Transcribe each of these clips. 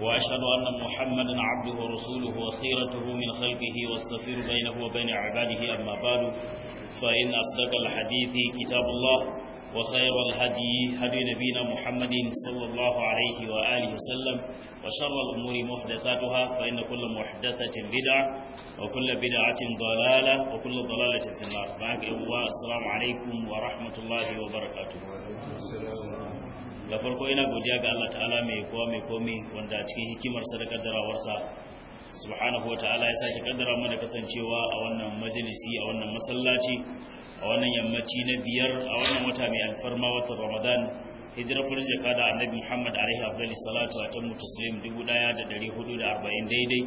وأشهد أن محمدا عبده ورسوله وخيرته من خلقه والسفير بينه وبين عباده أما بعد فإن أصدق الحديث كتاب الله وخير الهدي هدي نبينا محمد صلى الله عليه وآله وسلم وشر الأمور محدثاتها فإن كل محدثة بدعة وكل بدعة ضلالة وكل ضلالة في النار السلام عليكم ورحمة الله وبركاته ga farko ina godiya ga Allah ta'ala mai kowa mai komi wanda cikin hikimar sadakar darawarsa subhanahu wa ta'ala ya sake kaddara mana kasancewa a wannan majalisi a wannan masallaci a wannan yammaci na biyar a wannan wata mai alfarma wata ramadan farin farji da annabi muhammad alaihi abdullahi salatu a tamu taslim 1440 daidai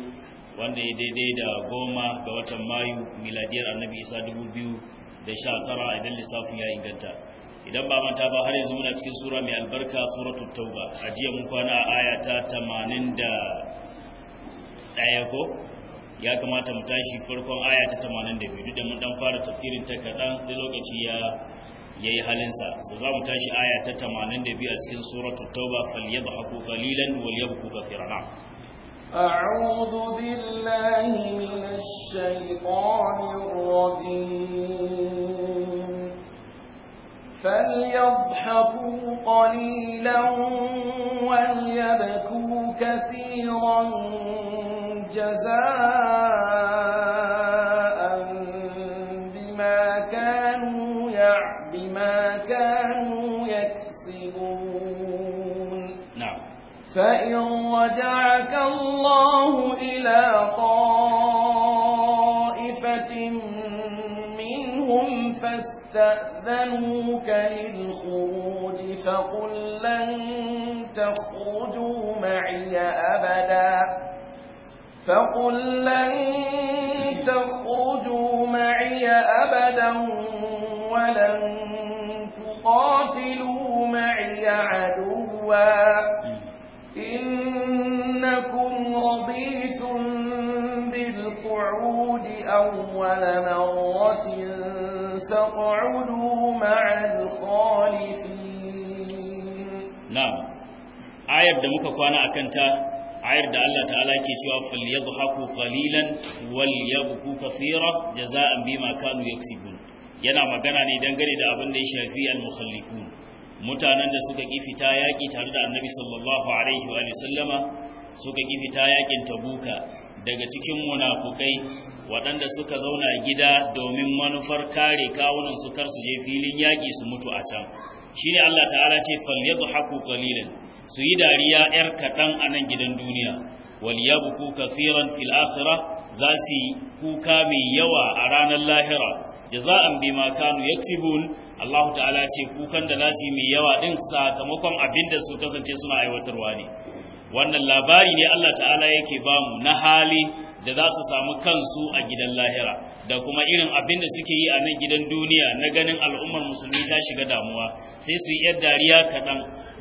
wanda ya daidai da goma ga watan mayu miladiyar annabi isa 2019 idan lissafin ya inganta idan ba manta ba har yanzu muna cikin sura mai albarka suratul tauba a jiya mun kwana a aya ta 81 ko ya kamata mu tashi farkon aya ta 82 duk da mun dan fara tafsirin ta kadan sai lokaci ya yayi halinsa so za mu tashi aya ta 82 a cikin suratul tauba yadhaku qalilan yabku kathiran أعوذ بالله من الشيطان الرجيم فليضحكوا قليلا وليبكوا كثيرا جزاء بما كانوا بما كانوا يكسبون نعم فإن رجعك الله إلى طاعته استأذنوك للخروج فقل لن تخرجوا معي أبدا فقل لن تخرجوا معي أبدا ولن تقاتلوا معي عدوا إنكم رضيتم بالقعود أول مرة فاقعدوا مع الخالفين نعم ayar da muka kwana a kanta ayar da Allah ta'ala ke cewa falyadhaku qalilan walyabku kaseera jaza'an bima kanu yaksibun yana magana ne dangane da abin da ya shafi al-mukhallifun mutanen da suka fita yaki tare da Annabi sallallahu alaihi wa sallama suka fita yakin Tabuka daga cikin munafukai waɗanda suka zauna gida domin manufar kare kawunan su kar su je filin yaƙi su mutu a can shi ne Allah ta'ala ce haku kalilin su yi dariya yar kaɗan a nan gidan duniya waliyabku kaseeran fil akhirah za su kuka mai yawa a ranar lahira jaza'an bima kanu yaktubun Allah ta'ala ce kukan da za su yi mai yawa din sakamakon abin da su kasance suna aiwatarwa ne wannan labari ne Allah ta'ala yake bamu na hali da za su samu kansu a gidan lahira da kuma irin abin da suke yi a nan gidan duniya na ganin al'ummar musulmi ta shiga damuwa sai su yi yar dariya kaɗan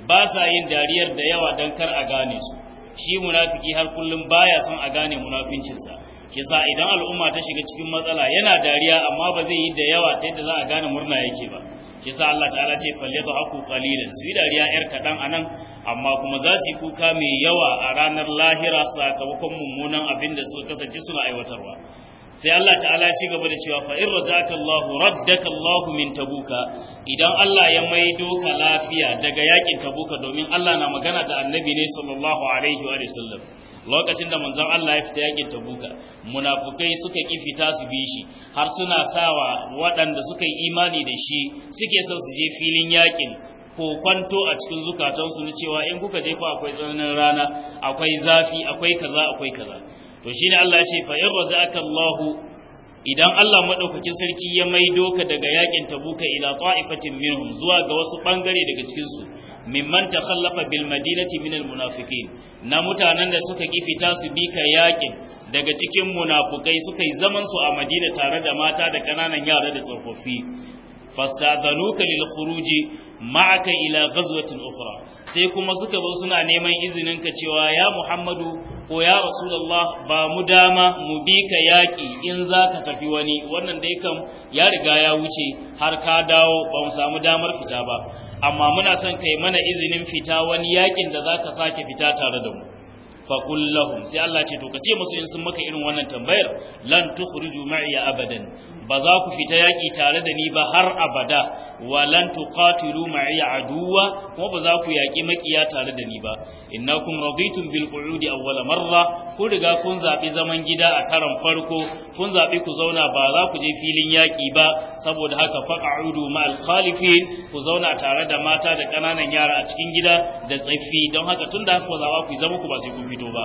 ba sa yin dariyar da yawa don kar a gane su shi munafiki har kullum baya son a gane munafincinsa kisa idan al'umma ta shiga cikin matsala yana dariya amma ba zai yi da yawa ta yadda za a gane murna yake ba shi sa Allah ta'ala ce haku qalilan su yi dariya yar kadan anan amma kuma za su yi kuka mai yawa a ranar lahira sakamakon mummunan abin da suka kasance suna aiwatarwa sai Allah ta'ala ci gaba da cewa fa in razaka Allah raddaka Allah min tabuka idan Allah ya maido ka lafiya daga yakin tabuka domin Allah na magana da annabi ne sallallahu alaihi wa sallam lokacin da manzon Allah ya fita yakin tabuka munafukai suka ki fita su bi shi har suna sawa waɗanda suka yi imani da shi suke son su je filin yakin ko kwanto a cikin zukatansu na cewa in kuka je ku akwai tsananin rana akwai zafi akwai kaza akwai kaza to shine Allah ya ce fa yarza akallahu idan Allah madaukakin sarki ya maido ka daga yakin tabuka ila ta'ifatin minhum zuwa ga wasu bangare daga cikin su mimman khallafa bil madinati min al munafiqin na mutanen da suka kifita su bi ka yakin daga cikin munafukai suka yi zaman su a Madina tare da mata da kananan yara da tsofaffi fastadanuka lil khuruji ma'aka ila ghazwatin ukhra sai kuma suka zo suna neman izinin ka cewa ya Muhammadu ko ya Rasulullah ba mu dama mu bi ka yaki in zaka tafi wani wannan dai kam ya riga ya wuce har ka dawo ba mu samu damar fita ba amma muna son kai mana izinin fita wani yakin da zaka sake fita tare da mu Fa lahum sai Allah ce to ka ce musu in sun maka irin wannan tambayar lan tukhriju ma'iya abadan ba za ku fita yaƙi tare da ni ba har abada walan tuqatilu ma'i aduwa kuma ba za ku yaƙi makiya tare da ni ba Inna-kun raditum bil qu'udi awwala marra ku riga kun zaɓi zaman gida a karan farko kun zaɓi ku zauna ba za ku je filin yaƙi ba saboda haka faq'udu ma'al khalifin ku zauna tare da mata da ƙananan yara a cikin gida da tsaffi don haka tunda haka zawa ku zama ku ba sai ku fito ba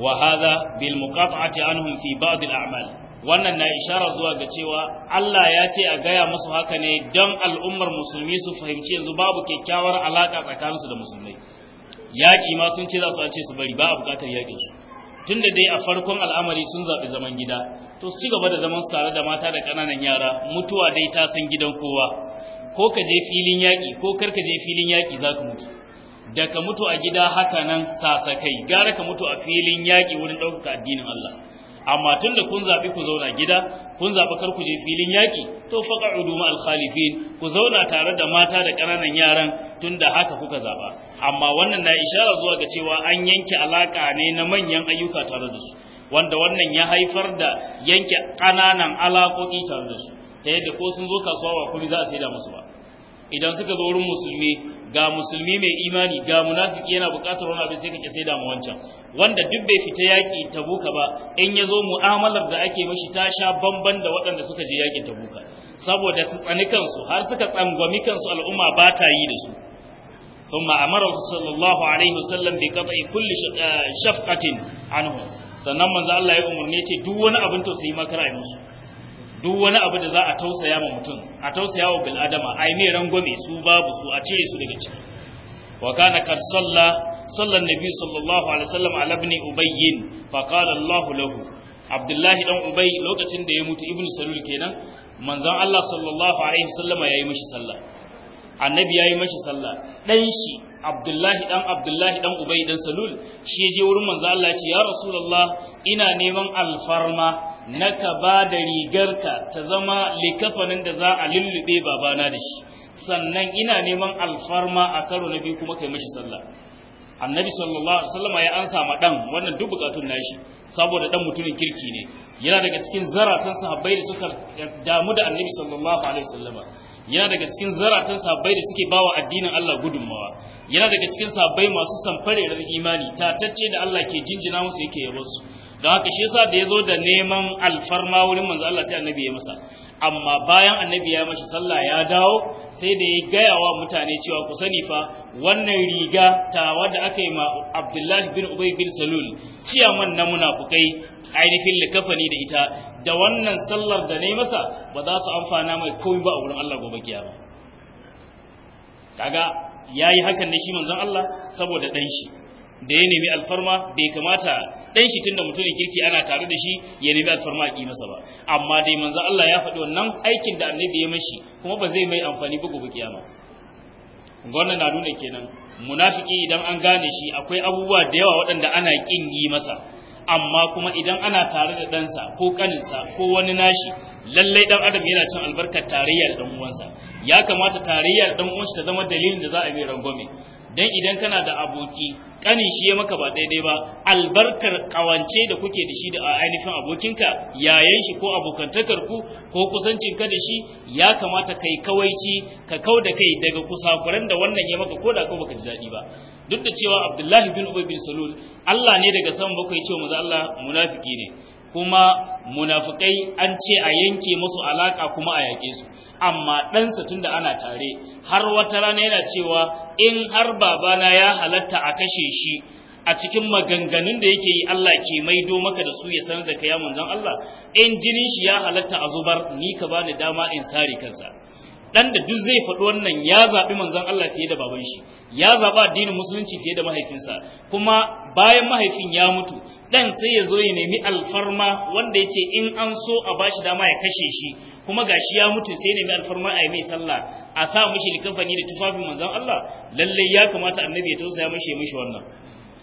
وهذا بالمقاطعة عنهم في بعض الأعمال wannan na ishara zuwa ga cewa Allah ya ce a gaya musu haka ne don al'ummar musulmi su fahimci yanzu babu kyakkyawar alaƙa tsakaninsu da musulmai yaƙi ma sun ce za su ce su bari ba a buƙatar yaƙin su tunda dai a farkon al'amari sun zaɓi zaman gida to su ci gaba da zaman su tare da mata da ƙananan yara mutuwa dai ta san gidan kowa ko ka je filin yaƙi ko kar ka je filin yaƙi za ka mutu da ka mutu a gida haka nan sasakai gara ka mutu a filin yaƙi wurin ɗaukaka addinin Allah amma tun da kun zaɓi ku zauna gida kun zaɓi kar ku je filin yaƙi to faƙa uduma alkhalifin ku zauna tare da mata da ƙananan yaran tunda haka kuka zaɓa amma wannan na ishara zuwa ga cewa an yanke alaƙa ne na manyan ayyuka tare da su wanda wannan ya haifar da yanke ƙananan alaƙoƙi tare da su ta yadda ko sun zo kasuwa ba kuma za a saida musu ba idan suka zo wurin musulmi ga musulmi mai imani ga munafiki yana buƙatar wani abin sai ka sai da mu wancan wanda duk bai fita yaki tabuka ba in ya zo mu'amalar da ake mashi ta sha bamban da waɗanda suka je yaki tabuka saboda su tsani kansu har suka tsangwami kansu al'umma ba ta yi da su ثم أمره صلى الله عليه وسلم بقطع كل شفقة عنهم sannan manzo Allah ya umarni ce duk wani abin tausayi ma makara musu duk wani abu da za a tausaya ma mutum a tausaya wa bil adama ai mai rangwame su babu su a cire su daga ciki wa kana kad salla salla nabi sallallahu alaihi wasallam ala ibn ubayy fa qala allah lahu abdullahi dan ubayy lokacin da ya mutu ibn salul kenan manzon allah sallallahu alaihi wasallam yayi mishi sallah annabi yayi mishi sallah dan shi abdullahi dan abdullahi dan ubayy dan salul shi je wurin manzon allah ya ce ya rasulullah ina neman alfarma Naka ba da rigarka ta zama likafanin da za a lullube babana da shi sannan ina neman alfarma a karo na biyu kuma kai mashi sallah annabi sallallahu alaihi wasallam ya ansa ma dan wannan duk bukatun nashi saboda dan mutumin kirki ne yana daga cikin zaratan sahabbai da suka damu da annabi sallallahu alaihi wasallam yana daga cikin zaratan sahabbai da suke bawa addinin Allah gudunmawa yana daga cikin sahabbai masu samfare imani tatacce da Allah ke jinjina musu yake yabo su don haka shi yasa da ya zo da neman alfarma wurin manzo Allah sai annabi ya masa amma bayan annabi ya mashi sallah ya dawo sai da ya gaya wa mutane cewa ku sani fa wannan riga ta wadda aka yi ma Abdullahi bin Ubay bin Salul man na munafukai ainihin likafani da ita da wannan sallar da na yi masa ba za su amfana mai komai ba a wurin Allah gobe kiyama kaga yayi hakan ne shi manzon Allah saboda dan shi da ya nemi alfarma bai kamata dan shi tunda mutumin kirki ana tare da shi ya nemi alfarma a masa ba amma dai manzo Allah ya faɗi wannan aikin da annabi ya mashi kuma ba zai mai amfani ba gobe kiyama wannan na nuna kenan munafiki idan an gane shi akwai abubuwa da yawa waɗanda ana kin yi masa amma kuma idan ana tare da ɗansa ko ƙaninsa ko wani nashi lallai ɗan adam yana cin albarkar tarayya da uwansa ya kamata tarayya da ɗan uwansa ta zama dalilin da za a yi rangwame dan idan kana da aboki kani shi ya maka ba daidai ba albarkar kawance da kuke da shi da ainihin abokinka yayan shi ko abokantakar ku ko kusancin ka da shi ya kamata kai kawaici ka kau da kai daga kusakuran da wannan ya maka koda ko baka ji daɗi ba duk da cewa Abdullahi bin Ubay bin Salul Allah ne daga sama bakwai cewa manzo Allah munafiki ne kuma munafikai an ce a yanke musu alaka kuma a yaƙe su amma ɗansa tunda ana tare har wata rana yana cewa in har babana ya halatta a kashe shi a cikin maganganun da yake yi Allah ke maido maka da su ya sanar da kai manzon Allah in jinin shi ya halatta a zubar ni ka bani dama in sare kansa dan da duk zai faɗi wannan ya zaɓi manzon Allah fiye da baban shi ya zaɓa addinin musulunci fiye da mahaifinsa kuma bayan mahaifin ya mutu dan sai ya zo ya nemi alfarma wanda ya ce in an so a bashi dama ya kashe shi kuma gashi ya mutu sai ya nemi alfarma a yi mai sallah a sa mishi likafani da tufafin manzon Allah lalle ya kamata annabi ya tausaya mishi mishi wannan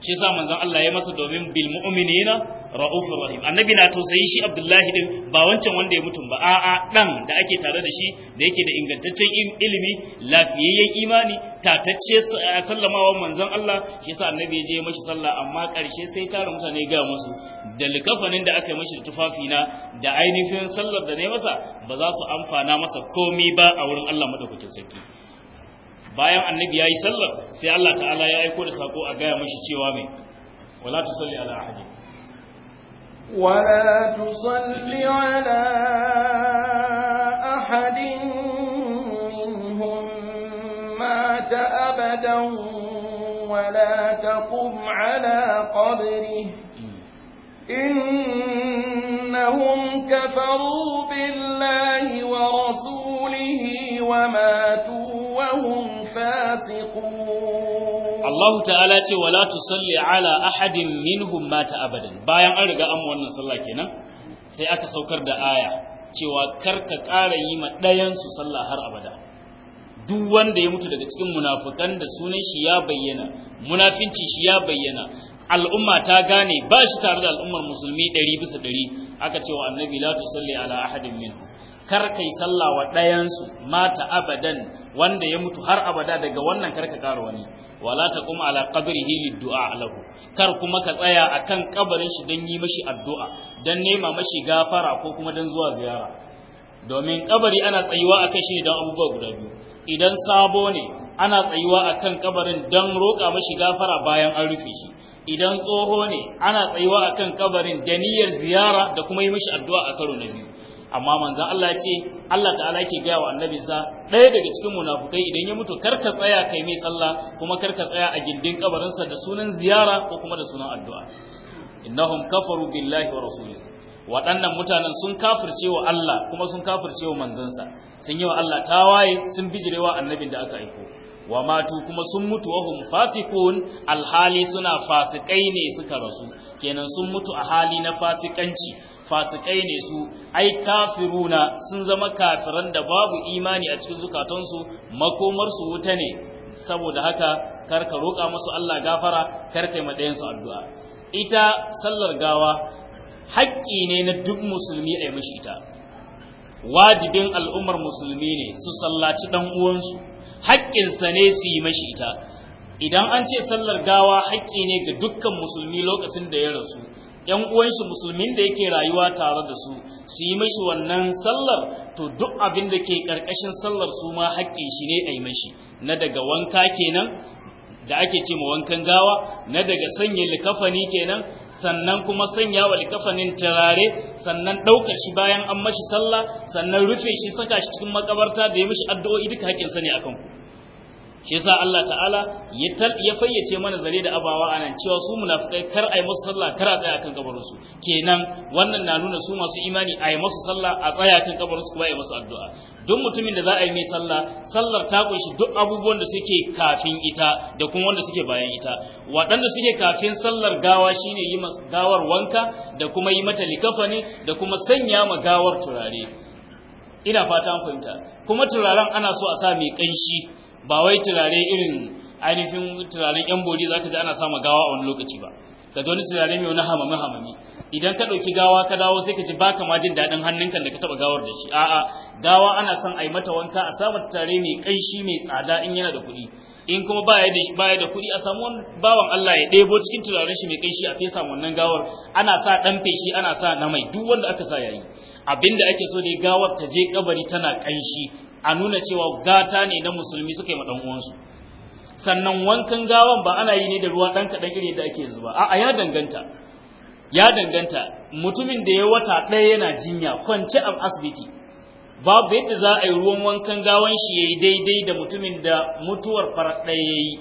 shi yasa manzon Allah ya masa domin bil mu'minina raufur rahim annabi na tausayi shi Abdullahi din ba wancan wanda ya mutum ba a'a dan da ake tare da shi da yake da ingantaccen ilimi lafiyayyen imani tatacce eh, sallamawa manzon Allah shi sa annabi ya je mashi sallah amma karshe sai tara mutane ga musu da likafanin da aka yi mashi tufafi na da ainihin sallar da ne masa ba za su amfana masa komai ba a wurin Allah madaukakin sarki bayan annabi yayi sallar sai Allah ta'ala ya aiko da sako a gaya mashi cewa mai wala tusalli ala ahadi wala tusalli ala ahadin minhum mata abadan wala taqum ala qabrihi إنهم كفروا بالله ورسوله وماتوا وهم Allah ta'ala تعالى ce wala tusalli ala ahadin minhum mata abadan bayan an riga an wannan sallah kenan sai aka saukar da aya cewa karka ƙara yi ma ɗayan su sallah har abada duk wanda ya mutu daga cikin munafukan da sunan shi ya bayyana munafinci shi ya bayyana al'umma ta gane ba shi tare da al'ummar musulmi ɗari bisa ɗari aka cewa annabi la tusalli ala ahadin minhum kar yi sallah wa ɗayansu mata abadan wanda ya mutu har abada daga wannan kar ka wani wala kuma ala hili du'a alahu. kar kuma ka tsaya akan kabarin shi don yi mashi addu'a don nema mashi gafara ko kuma don zuwa ziyara domin kabari ana tsayuwa akan shi ne abubuwa guda biyu idan sabo ne ana tsayuwa kan kabarin don roƙa mashi gafara bayan an rufe shi idan tsoho ne ana tsayuwa kan kabarin da niyyar ziyara da kuma yi mashi addu'a a karo na biyu amma manzo Allah ce Allah ta'ala yake gaya wa annabi sa ɗaya daga cikin munafukai idan ya mutu kar ka tsaya kai mai sallah kuma karka tsaya a gindin kabarinsa da sunan ziyara ko kuma da sunan addu'a innahum kafaru billahi wa rasulih waɗannan mutanen sun kafirce wa Allah kuma sun kafirce wa manzansa sun yi wa Allah tawaye sun bijirewa annabin da aka aiko wa matu kuma sun mutu wa hum fasikun alhali suna fasikai ne suka rasu kenan sun mutu a hali na fasikanci fasikai ne su ai kafiruna sun zama kafiran da babu imani a cikin zukatansu makomarsu wuta ne saboda haka karka roƙa musu Allah gafara karka yi madayansu addu'a ita sallar gawa haƙƙi ne na duk musulmi a yi mishi ita wajibin al'ummar musulmi ne su sallaci ɗan uwansu haƙƙinsa ne su yi mashi ita idan an ce sallar gawa haƙƙi ne ga dukkan musulmi lokacin da ya rasu yan uwanshi musulmin da yake rayuwa tare da su su yi mashi wannan sallar to duk abin da ke ƙarƙashin sallar su ma haƙƙin shi ne a yi mashi na daga wanka kenan da ake ce ma wankan gawa na daga sanya likafani kenan sannan kuma sanya wa likafanin turare sannan ɗaukar shi bayan an mashi sallah sannan rufe shi saka shi cikin makabarta da ya mashi addu'o'i duka haƙƙinsa ne akan ku shi yasa Allah ta'ala ya fayyace mana zare da abawa anan cewa su munafikai kar ai musu sallah kar a tsaya kan kabarin su kenan wannan na nuna su masu imani ai musu sallah a tsaya kan kabarin su kuma ai musu addu'a duk mutumin da za a yi mai sallah sallar ta kunshi duk abubuwan da suke kafin ita da kuma wanda suke bayan ita waɗanda suke kafin sallar gawa shine yi gawar wanka da kuma yi mata likafani da kuma sanya ma gawar turare ina fata an fahimta kuma turaren ana so a sa mai kanshi. ba wai turare irin ainihin turaren yan bori za ka ji ana sama gawa a wani lokaci ba ka ji wani turare mai wani hamami hamami idan ka ɗauki gawa ka dawo sai ka ji baka ma jin daɗin hannunka da ka taɓa gawar da shi a'a gawa ana son a yi mata wanka a samu turare mai ƙanshi mai tsada in yana da kuɗi in kuma baya da da kuɗi a samu bawan Allah ya ɗebo cikin turaren shi mai ƙanshi a fesa wannan gawar ana sa ɗan feshi ana sa na mai duk wanda aka sa yayi abinda ake so dai gawar ta je kabari tana ƙanshi. a nuna cewa gata ne na musulmi suka yi ɗan uwansu sannan wankan gawan ba ana yi ne da ruwa ɗan kaɗan iri da ake zuba. ba a'a ya danganta ya danganta mutumin da ya wata ɗaya yana jinya kwance a asibiti babu yadda za a yi ruwan wankan gawan shi ya yi daidai da mutumin da mutuwar farar ɗaya ya yi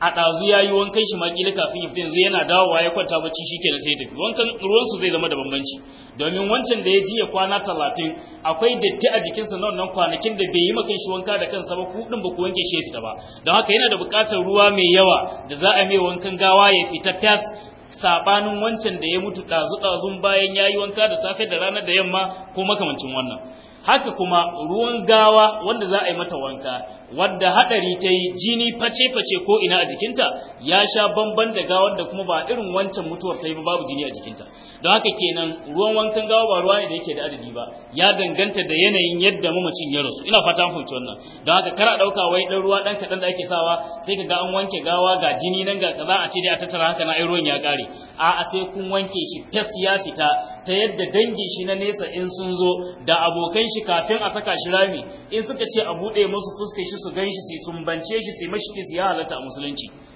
a ɗazu ya yi wankan shi makila kafin ya fita yanzu yana dawowa ya kwanta bacci shi ke da sai tafi wankan ruwansu zai zama da bambanci domin wancan da ya ji ya kwana talatin akwai datti a jikinsa na wannan kwanakin da bai yi makan shi wanka da kansa ba kuɗin ba ku wanke shi ya fita ba don haka yana da buƙatar ruwa mai yawa da za a mai wankan gawa ya fita fas sabanin wancan da ya mutu ɗazu ɗazun bayan ya yi wanka da safe da rana da yamma ko makamancin wannan haka kuma ruwan gawa wanda za a yi mata wanka wadda hadari ta yi jini face-face ko ina a jikinta ya sha bamban da gawar da kuma ba irin wancan mutuwar ta yi babu jini a jikinta don haka kenan ruwan wankan gawa ba ruwa ne da yake da adadi ba ya danganta da yanayin yadda mamacin ya rasu ina fata fahimci wannan don haka kar a dauka wai dan ruwa dan kadan da ake sawa sai ka ga an wanke gawa ga jini nan ga kaza a ce dai a tattara haka na ai ruwan ya kare a a sai kun wanke shi fes ya fita ta yadda dangin shi na nesa in sun zo da abokan shi kafin a saka shi rami in suka ce a bude musu fuskar shi su gan shi su sumbance shi su mashi ya halatta a musulunci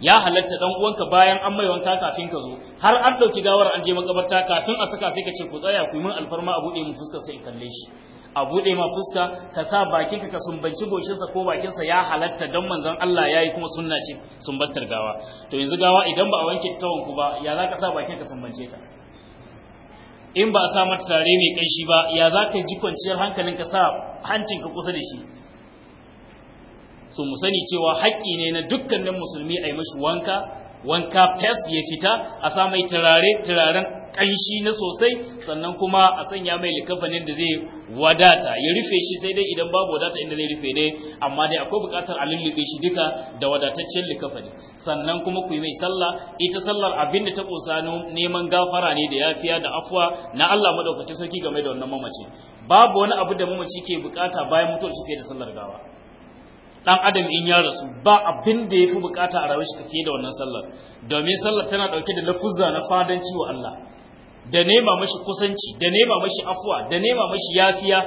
ya halatta dan uwanka bayan an mai wanka kafin ka zo har an dauki gawar an je makabarta kafin a saka sai ka ce ku tsaya ku yi min alfarma a bude mu fuska sai in kalle shi a bude ma fuska ka sa bakinka ka sumbanci goshinsa ko bakinsa ya halatta dan manzon Allah yayi kuma sunna ce sumbantar gawa to yanzu gawa idan ba a wanke ta tawanku ba ya za ka sa bakinka sumbance ta in ba a sa mata tare mai kanshi ba ya za ka ji kwanciyar hankalin ka sa ka kusa da shi so mu sani cewa haƙƙi ne na dukkanin musulmi a yi mashi wanka wanka fes ya fita a sa mai turare turaren ƙanshi na sosai sannan kuma a sanya mai likafanin da zai wadata ya rufe shi sai dai idan babu wadata inda zai rufe ne, amma dai akwai buƙatar a lullube shi duka da wadataccen likafani sannan kuma ku yi mai sallah ita sallar abin da ta ƙusa neman gafara ne da yafiya da afuwa, na Allah madaukakin sarki game da wannan mamaci babu wani abu da mamaci ke buƙata bayan mutuwar shi fiye da sallar gawa dan adam in ya rasu ba abin da yafi bukata a rayuwar shi kake da wannan sallar domin sallar tana dauke da lafuzza na fadanci wa Allah da nema mashi kusanci da nema mashi afuwa da nema mashi yafiya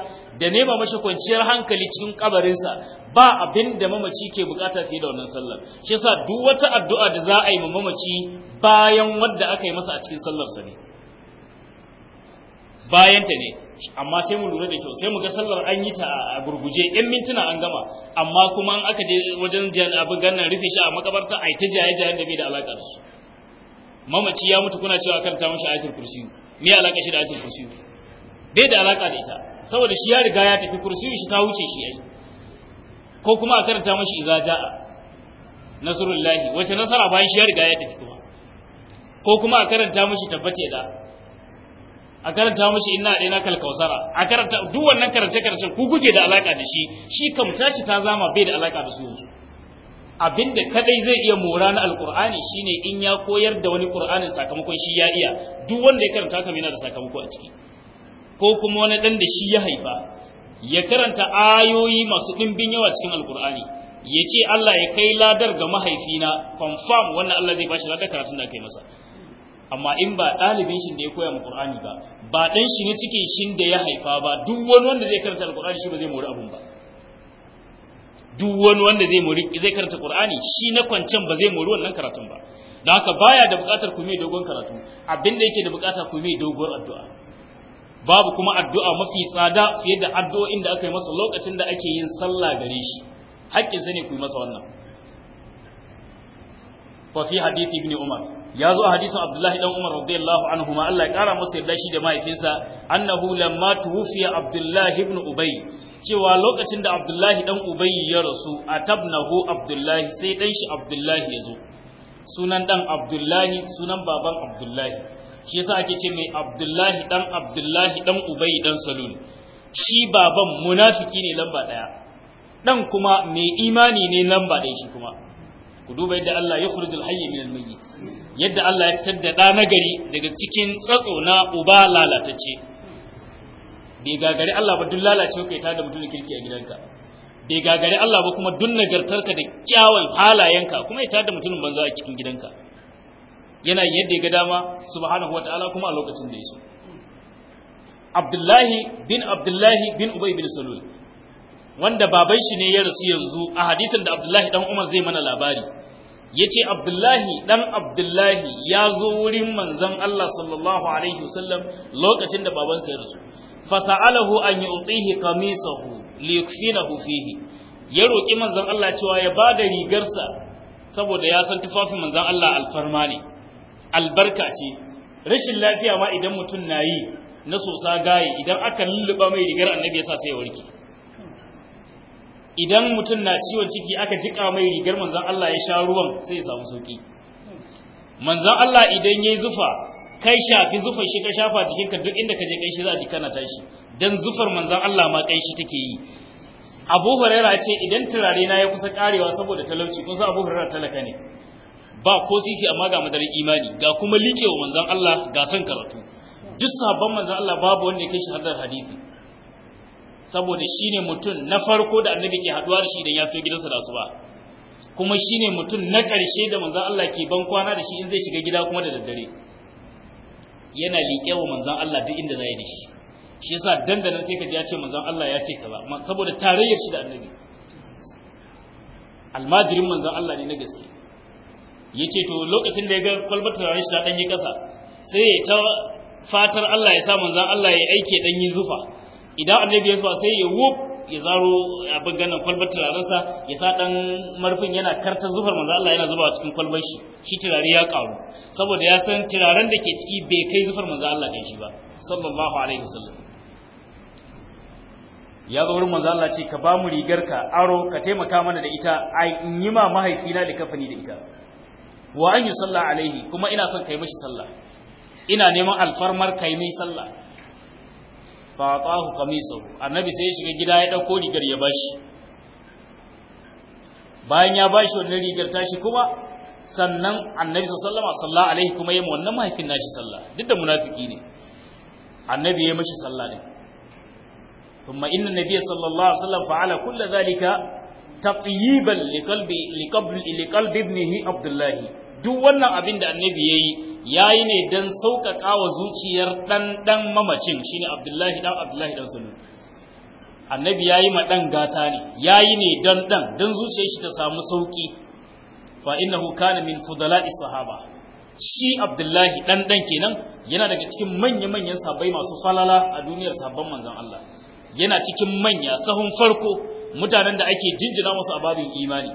da nema mashi kwanciyar hankali cikin kabarinsa ba abin da mamaci ke bukata fiye da wannan sallar shi yasa duk wata addu'a da za a yi ma mamaci bayan wanda aka yi masa a cikin sallar sa ne bayan ta ne amma sai mu lura da kyau sai mu ga sallar an yi ta a gurguje yan mintuna an gama amma kuma an aka je wajen abin gannan rufe shi a makabarta a ta jaye jayen da bai da alaƙa da su mamaci ya mutu kuna cewa karanta mashi ayatul kursiyu me alaƙa shi da ayatul kursiyu bai da alaƙa da ita saboda shi ya riga ya tafi kursiyu shi ta wuce shi yayi ko kuma a karanta mashi iza jaa nasrullahi wace nasara bayan shi ya riga ya tafi kuma ko kuma a karanta mashi tabbate da a karanta mashi ina ɗaya na kalkausara a karanta duk wannan karance karance ku guje da alaka da shi shi kam tashi ta zama bai da alaka da su yanzu abinda kadai zai iya mora na alkur'ani shine in ya koyar da wani qur'ani sakamakon shi ya iya duk wanda ya karanta kam yana da sakamako a ciki ko kuma wani dan da shi ya haifa ya karanta ayoyi masu dimbin yawa cikin alkur'ani ya ce Allah ya kai ladar ga mahaifina confirm wannan Allah zai bashi ladar karatun da kai masa amma in ba ɗalibin shi da ya koya mu Qur'ani ba ba dan shi ne cikin shi da ya haifa ba duk wani wanda zai karanta Al-Qur'ani shi ba zai mori abun ba duk wani wanda zai mori zai karanta Qur'ani shi na kwancan ba zai mori wannan karatun ba don haka baya da buƙatar ku mai dogon karatu abin da yake da buƙata ku mai dogon addu'a babu kuma addu'a mafi tsada fiye da addu'o'in da aka yi masa lokacin da ake yin sallah gare shi haƙƙinsa ne ku yi masa wannan fa fi hadisi ibn umar ya zo a hadisin abdullahi dan umar radiyallahu anhu ma Allah ya kara masa yarda shi da mahaifinsa annahu lamma tuwfiya abdullahi ibn ubay cewa lokacin da abdullahi dan ubay ya rasu atabnahu abdullahi sai dan shi abdullahi ya zo sunan dan abdullahi sunan baban abdullahi shi yasa ake ce mai abdullahi dan abdullahi dan ubay dan salul shi baban munafiki ne lamba daya dan kuma mai imani ne lamba ɗaya shi kuma ku duba yadda Allah ya khurujul hayy min al yadda Allah ya fitar da da nagari daga cikin tsatso na uba lalatacce bai gagari Allah ba duk lalacewa kai ta da mutum kirki a gidanka bai gagari Allah ba kuma duk nagartarka da kyawun halayenka kuma ya da mutumin banza a cikin gidanka yana yadda ya ga dama subhanahu wataala kuma a lokacin da ya Abdullahi bin Abdullahi bin Ubay bin Salul wanda baban shi ne ya rasu yanzu a hadisin da Abdullahi dan Umar zai mana labari yace Abdullahi dan Abdullahi ya zo wurin manzon Allah sallallahu alaihi wasallam lokacin da babansa ya rasu fasa'alahu an yu'tihi qamisahu liyukfinahu fihi ya roki manzon Allah cewa ya bada rigarsa saboda ya san tufafin manzon Allah alfarma ne albarka ce rashin lafiya ma idan mutum nayi na sosa gaye idan aka lulluba mai rigar annabi yasa sai ya warke idan mutum na ciwon ciki aka jika mai rigar manzan Allah ya sha ruwan sai ya samu sauki manzan Allah idan ya yi zufa kai shafi zufar shi ka shafa cikin ka duk inda ka je kai shi za a ji kana tashi dan zufar manzan Allah ma kai shi take yi Abu Hurairah ce idan turare na ya kusa karewa saboda talauci kun san Abu Hurairah talaka ne ba ko sisi amma ga madar imani ga kuma likewa manzan Allah ga son karatu duk sabon manzan Allah babu wanda ya kai shi hadar hadisi saboda shi ne mutum na farko da annabi ke haduwa da shi idan ya fito gidansa da su ba kuma shi ne mutum na ƙarshe da manzan Allah ke ban kwana da shi in zai shiga gida kuma da daddare yana liƙe wa manzan Allah duk inda zai da shi shi yasa dandana sai kaji ya ce manzan Allah ya ce kaza saboda tarayyar shi da annabi almajirin manzan Allah ne na gaske Ya ce to lokacin da ya ga kwalbatar turare shi ta danyi ƙasa, sai ya ta fatar Allah ya sa manzan Allah ya aike ɗanyi zufa idan annabi ya zuwa sai ya wuf ya zaro abin ganin kwalbar turarensa ya sa ɗan marfin yana karta zufar manzo Allah yana zuba cikin kwalbar shi shi turare ya karu saboda ya san turaren da ke ciki bai kai zufar manzo Allah kan shi ba sallallahu alaihi wasallam ya zo wurin manzo Allah ce ka ba mu rigarka aro ka taimaka mana da ita ai in yi ma mahaifina da kafani da ita wa an yi sallah alaihi kuma ina son kai mishi sallah ina neman alfarmar kai mai sallah fa atahu qamisahu annabi sai ya shiga gida ya dauko rigar ya bashi bayan ya bashi wannan rigar tashi kuma sannan annabi sallallahu alaihi wasallam alaihi kuma yayin wannan mahaifin nashi sallah duk da munafiki ne annabi ya mashi sallah ne ثم إن النبي صلى الله عليه fa'ala فعل كل ذلك تطيبا لقلب لقلب لقلب ابنه عبد الله duk wannan abin da annabi ya yi ya yi ne don sauƙaƙa wa zuciyar ɗan mamacin shi ne abdullahi ɗan abdullahi ɗan sulu annabi ya yi ma ɗan gata ne ya yi ne don ɗan don zuciyar shi ta samu sauƙi fa innahu kana min fudala'i sahaba shi abdullahi ɗan ɗan kenan yana daga cikin manya-manyan sabai masu falala a duniyar sabon manzon Allah yana cikin manya sahun farko mutanen da ake jinjina musu a babin imani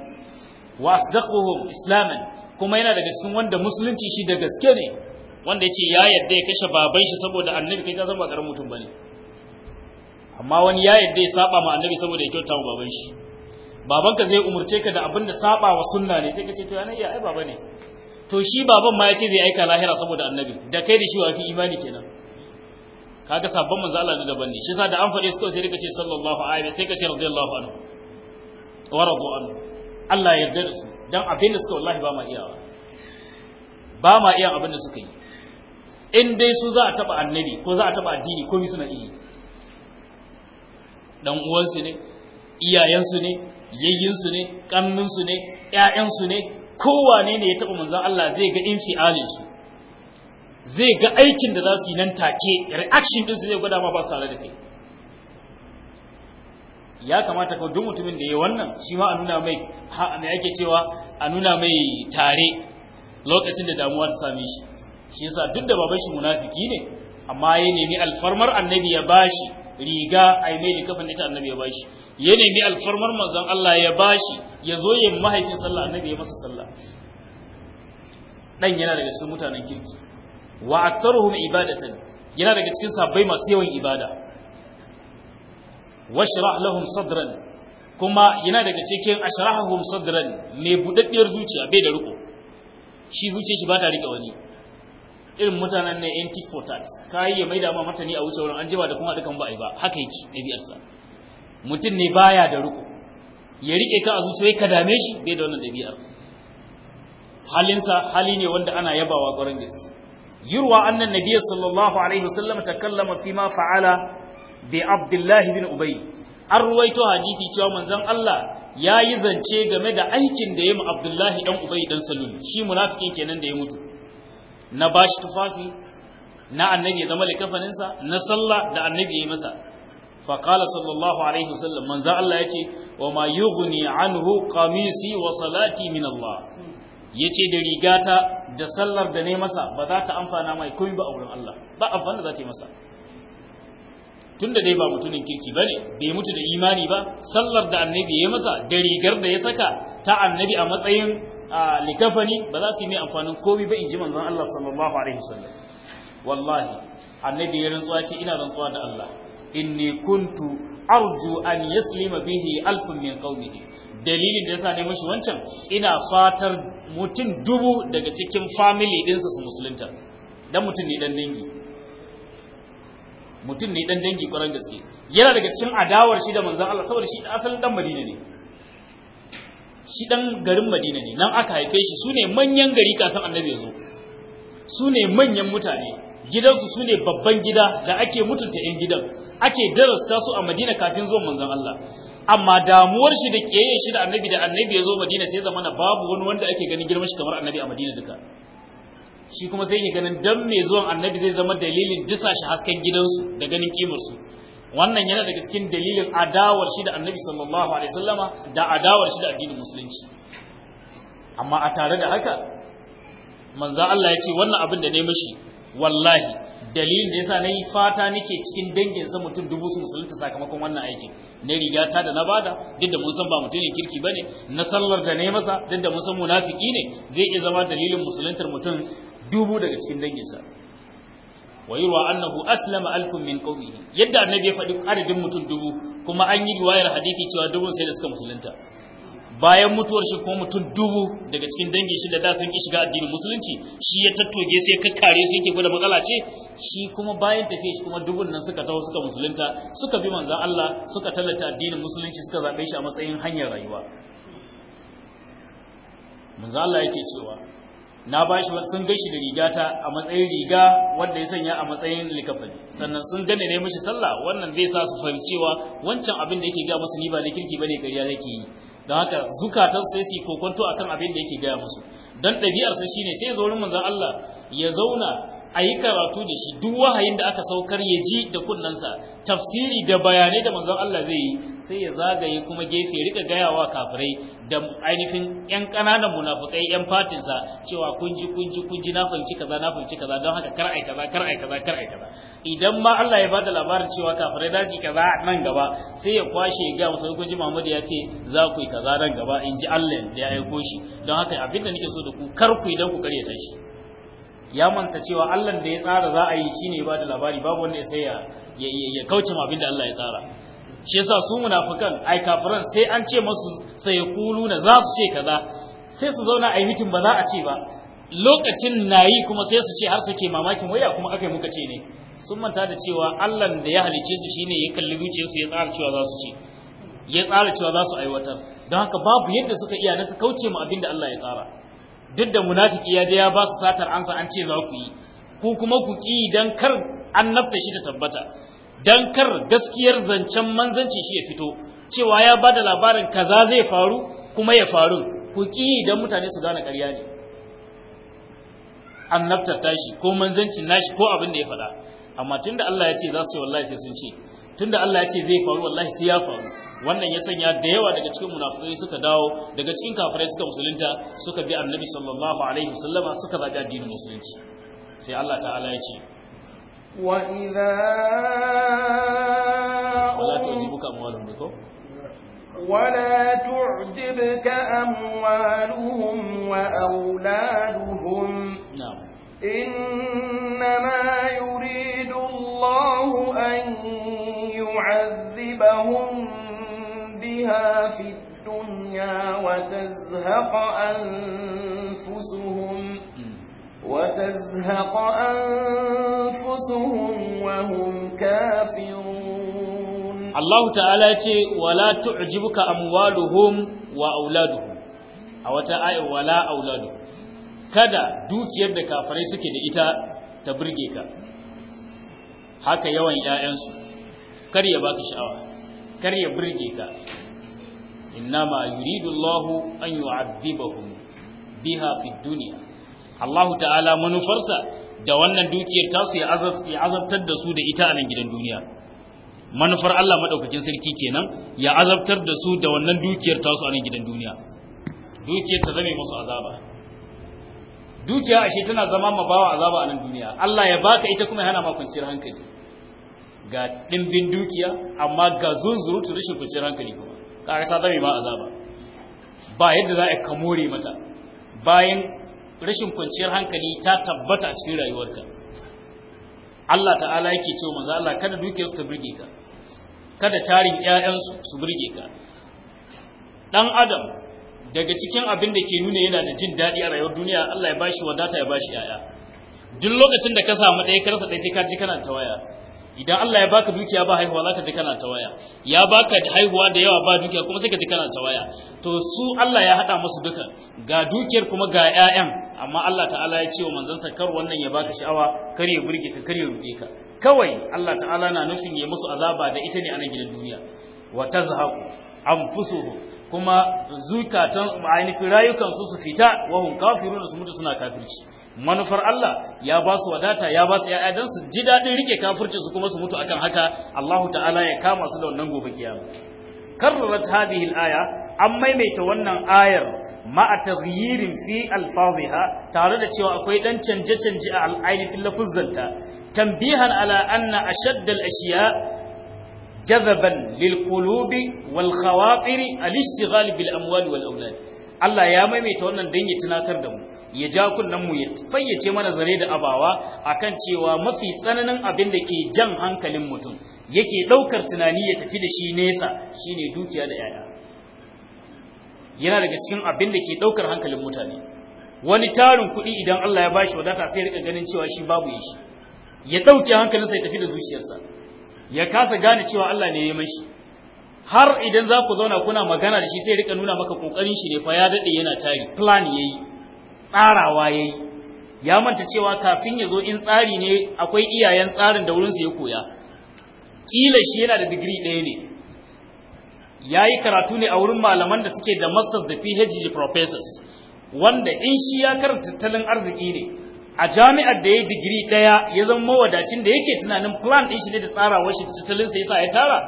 wa asdaquhum islaman kuma yana daga cikin wanda musulunci shi da gaske ne wanda yace ya yadda ya kashe baban shi saboda annabi kai ka zama karan mutum bane amma wani ya yadda ya saba ma annabi saboda ya kyauta wa baban shi babanka zai umurce ka da abin da saba wa sunna ne sai ka ce to yana iya ai baba ne to shi baban ma ya ce zai aika lahira saboda annabi da kai da shi wa fi imani kenan kaga sabon manzo Allah ne daban ne shi sa da an faɗe su sai rika ce sallallahu alaihi sai ka ce radiyallahu anhu wa radu anhu Allah ya yarda da su dan abin da suka wallahi ba ma iyawa ba ma iya abin da suka yi in dai su za a taba annabi ko za a taba addini ko mi suna iyi dan uwansu ne iyayensu ne yayyinsu ne kanninsu ne ƴaƴansu ne kowane ne ya taba manzon Allah zai ga infialin su zai ga aikin da za su yi nan take reaction din su zai gwada ma ba su tare da kai ya kamata ko duk mutumin da ya wannan shi ma a nuna mai me yake cewa a nuna mai tare lokacin da damuwa ta same shi shi yasa duk da baban shi munafiki ne amma ya nemi alfarmar annabi ya bashi riga a yi mai kafin ita annabi ya bashi ya nemi alfarmar manzon Allah ya bashi ya zo yin mahaifin sallah annabi ya masa sallah dan yana daga cikin mutanen kirki wa aktsaruhum ibadatan yana daga cikin sabbai masu yawan ibada washrah lahum sadran kuma yana daga cikin ashrahum sadran mai budaddiyar zuciya bai da riko shi zuciya shi ba ta rike wani irin mutanen ne yan tit for tat kai ya maida ma matani a wuce wurin an jiba da kuma dukan ba ai ba haka yake sa. mutum ne baya da riko ya rike ka a zuciya ka dame shi bai da wannan ɗabi'ar halinsa hali ne wanda ana yabawa ƙwarin gaske yurwa annan nabiyyi sallallahu alaihi wasallam takallama fi ma fa'ala bi abdullahi bin ubay an ruwaito hadisi cewa manzon Allah ya yi zance game da aikin da ya mu abdullahi dan ubay dan salul shi munafikin kenan da ya mutu na bashi tufafi na annabi ya zama likafaninsa na sallah da annabi ya yi masa فقال صلى الله عليه وسلم من ذا الله يتي وما يغني عنه قميصي وصلاتي من الله yace da rigata da sallar da ne masa ba za ta amfana mai komai ba a wurin Allah ba amfana za ta yi masa Tun da dai ba mutumin kirki bane bai mutu da imani ba sallar da annabi ya masa da rigar da ya saka ta annabi a matsayin likafani ba za su yi amfanin komai ba in ji manzon Allah sallallahu alaihi wasallam wallahi annabi ya rantsuwa ce ina rantsuwa da Allah inni kuntu arju an yaslima bihi alfun min qaumihi dalilin da yasa ne mashi wancan ina fatar mutum dubu daga cikin family dinsa su musulunta dan mutum ne dan dangi mutum ne dan dangi kwaran gaske yana daga cikin adawar shi da manzon Allah saboda shi asalin dan Madina ne shi dan garin Madina ne nan aka haife shi sune manyan gari kafin annabi ya zo sune manyan mutane gidansu sune babban gida da ake mutunta yan gidan ake darasta su a Madina kafin zuwan manzon Allah amma damuwar shi da kiyaye shi da annabi da annabi ya zo Madina sai zamana babu wani wanda ake ganin girman shi kamar annabi a Madina duka shi kuma sai ke ganin dan mai zuwan annabi zai zama dalilin disa shi hasken gidansu da ganin kimarsu wannan yana daga cikin dalilin adawar shi da annabi sallallahu alaihi wasallama da adawar shi da addinin musulunci amma a tare da haka manzo Allah ya ce wannan abin da ne mishi wallahi dalilin da yasa nayi fata nake cikin dangin sa mutum dubu su musulunta sakamakon wannan aikin Na riga ta da na bada duk da mun san ba mutumin kirki bane na sallar da ne masa duk da mun san munafiki ne zai iya zama dalilin musuluntar mutum dubu daga cikin danginsa wa yurwa annahu aslama alfun min qawmihi yadda annabi ya faɗi adadin mutum dubu kuma an yi riwayar hadisi cewa dubun sai da suka musulunta bayan mutuwar shi kuma mutum dubu daga cikin dangin shi da da sun shiga addinin musulunci shi ya tattoge sai ka kare su yake gwada matsala ce shi kuma bayan tafiya shi kuma dubun nan suka taho suka musulunta suka bi manzon Allah suka tallata addinin musulunci suka zabe shi a matsayin hanyar rayuwa manzon Allah yake cewa na ba shi sun gashi da rigata a matsayin riga wanda ya sanya a matsayin likafani sannan sun gane ne mishi sallah wannan zai sa su fahimci cewa wancan abin da yake ga musu ni ba na kirki bane gariya yake yi don haka zukatan sai su kokonto akan abin da yake gaya musu dan ɗabi'ar sa shine sai zo wurin manzon Allah ya zauna a yi karatu da shi duk wahayin da aka saukar ya ji da kunnensa tafsiri da bayanai da manzon Allah zai yi sai ya zagaye kuma gefe rika gayawa kafirai da ainihin yan ƙananan munafukai yan fatinsa cewa kun ji kun ji kun ji na fahimci kaza na fahimci kaza don haka kar ai kaza kar ai kaza kar ai kaza idan ma Allah ya bada labarin cewa kafirai za su kaza nan gaba sai ya kwashe ya ga musu kun ji Muhammad ya ce za ku yi kaza nan gaba in ji Allah ya aiko shi don haka abinda nake so da ku kar ku idan ku karyata shi ya manta cewa Allah da ya tsara za a yi shi ne ba da labari babu wanda sai ya ya kauce ma abin da Allah ya tsara shi yasa su munafikan ai kafiran sai an ce musu sai na za su ce kaza sai su zauna a yi mitin ba za a ce ba lokacin nayi kuma sai su ce har su ke mamakin waya kuma akai muka ce ne sun manta da cewa Allah da ya halice su shine ya kalli su ya tsara cewa za su ce ya tsara cewa za su aiwatar don haka babu yadda suka iya na su kauce ma abin da Allah ya tsara duk da munafiki ya je ya ba su satar ansa an ce za ku yi ku kuma ku ki dan kar annabta shi ta tabbata dan kar gaskiyar zancen manzanci shi ya fito cewa ya bada labarin kaza zai faru kuma ya faru ku ki dan mutane su gane ƙarya ne annabtar tashi ko manzancin nashi ko abin da ya faɗa amma tunda Allah ya ce za su ce wallahi sai sun ce tunda Allah ya ce zai faru wallahi sai ya faru wannan ya sanya da yawa daga cikin munafikai suka dawo daga cikin kafirai suka musulunta suka bi annabi sallallahu alaihi wasallama suka zaga addinin musulunci sai Allah ta'ala ya ce wa idza wala tujibuka amwaluhum biko ولا tu'jibuka amwaluhum wa auladuhum إن وتزهق أنفسهم وتزهق أنفسهم وهم كافرون الله تعالى ولا تعجبك أموالهم وأولادهم أو تآي ولا أولادهم kada dukiyar da kafirai suke da ita ta burge ka haka yawan ƴaƴansu kar ya baka sha'awa kar ya burge ka innama yuridu Allahu an yu'adhibahum biha fid dunya Allahu ta'ala manufarsa da wannan dukiyar tasu ya azabtar da su da ita a nan gidan duniya manufar Allah madaukakin sarki kenan ya azabtar da su da wannan dukiyar tasu a nan gidan duniya dukiyar ta zame musu azaba dukiya ashe tana zama ma bawa azaba a nan duniya Allah ya baka ita kuma ya hana ma hankali ga dimbin dukiya amma ga zunzuru ta rashin kwanciyar hankali kuma ƙarasa ta ba ma azaba ba yadda za a kamore mata bayan rashin kwanciyar hankali ta tabbata a cikin rayuwarka Allah ta'ala yake cewa maza Allah kada dukiyarsu ta burge ka kada tarin 'ya'yansu su burge ka dan adam daga cikin abin da ke nuna yana da jin daɗi a rayuwar duniya Allah ya bashi wadata ya bashi 'ya'ya. duk lokacin da ka samu ɗaya ka rasa ɗaya sai ka ji kana tawaya idan Allah ya baka dukiya ba haihuwa zaka ji kana ta waya ya baka haihuwa da yawa ba dukiya kuma sai ka ji kana ta waya to su Allah ya hada musu duka ga dukiyar kuma ga ƴaƴan amma Allah ta'ala ya ce wa manzansa kar wannan ya baka sha'awa kar ya burge ka kar ya ruɗe ka kawai Allah ta'ala na nufin ya musu azaba da ita ne a nan gidan duniya wa tazhaqu anfusuhum kuma zukatan ainihin rayukan su su fita wa hum kafirun su mutu suna kafirci manufar Allah ya ba su wadata ya ba su ya'ya dan su ji daɗin rike kafirci su kuma su mutu akan haka Allahu ta'ala ya kama su da wannan gobe kiyama karrarat hadhihi al-aya an maimaita wannan ayar ma'a taghyirin fi alfaziha tare da cewa akwai dan canje-canje a al'aidifin lafuzzanta tambihan ala anna ashadda al-ashiya jazaban lilqulubi wal khawatir al-ishtighal bil amwal wal aulad Allah ya maimaita wannan dan ya tunatar da mu ya ja kunnan mu ya fayyace mana zare da abawa akan cewa mafi tsananin abin da ke jan hankalin mutum yake ɗaukar tunani ya tafi da shi nesa shine dukiya da yaya yana daga cikin abin da ke ɗaukar hankalin mutane wani tarin kuɗi idan Allah ya bashi wadata sai rika ganin cewa shi babu ya shi ya ɗauki hankalinsa ya tafi da zuciyarsa ya kasa gane cewa Allah ne ya mashi har idan za ku zauna kuna magana da shi sai rika nuna maka kokarin shi ne fa ya dade yana tari plan yi. tsarawa yayi ya manta cewa kafin ya zo in tsari ne akwai iyayen tsarin da wurinsu ya koya kila shi yana da digiri ɗaya ne ya yi karatu ne a wurin malaman da suke da masters da phd professors wanda in shi ya karanta tattalin arziki ne a jami'ar da ya digiri ɗaya ya zama mawadacin da yake tunanin plan ɗin shi ne da tsarawar shi da tattalin sa yasa ya tara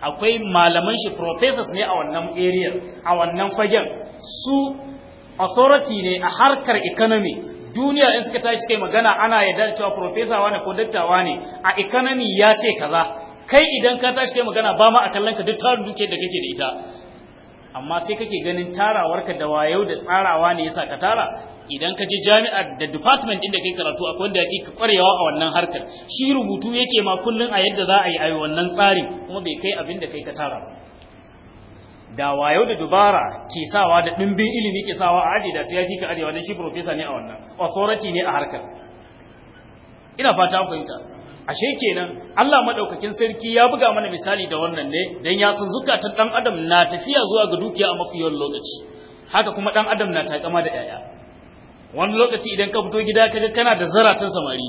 akwai malaman shi professors ne a wannan area a wannan fagen su authority ne a harkar economy duniya in suka tashi kai magana ana yadda cewa professor wane ko dattawa ne a economy ya ce kaza kai idan ka tashi kai magana ba ma a kallon ka duk tarin duke da kake da ita amma sai kake ganin tarawarka da wayau da tsarawa ne yasa ka tara idan ka je jami'ar da department da kai karatu akwai wanda yake kwarewa a wannan harkar shi rubutu yake ma kullun a yadda za a yi a wannan tsarin kuma bai kai abin da kai ka tara ba da wayo da dubara ke sawa da ɗimbin ilimi ke sawa a aji da su ya fi ka ajewa don shi profesa ne a wannan authority ne a harkar ina fata fahimta ashe kenan Allah madaukakin sarki ya buga mana misali da wannan ne dan ya san zukatan dan adam na tafiya zuwa ga dukiya a mafiyar lokaci haka kuma ɗan adam na takama da yaya wani lokaci idan ka fito gida kaga kana da zaratan samari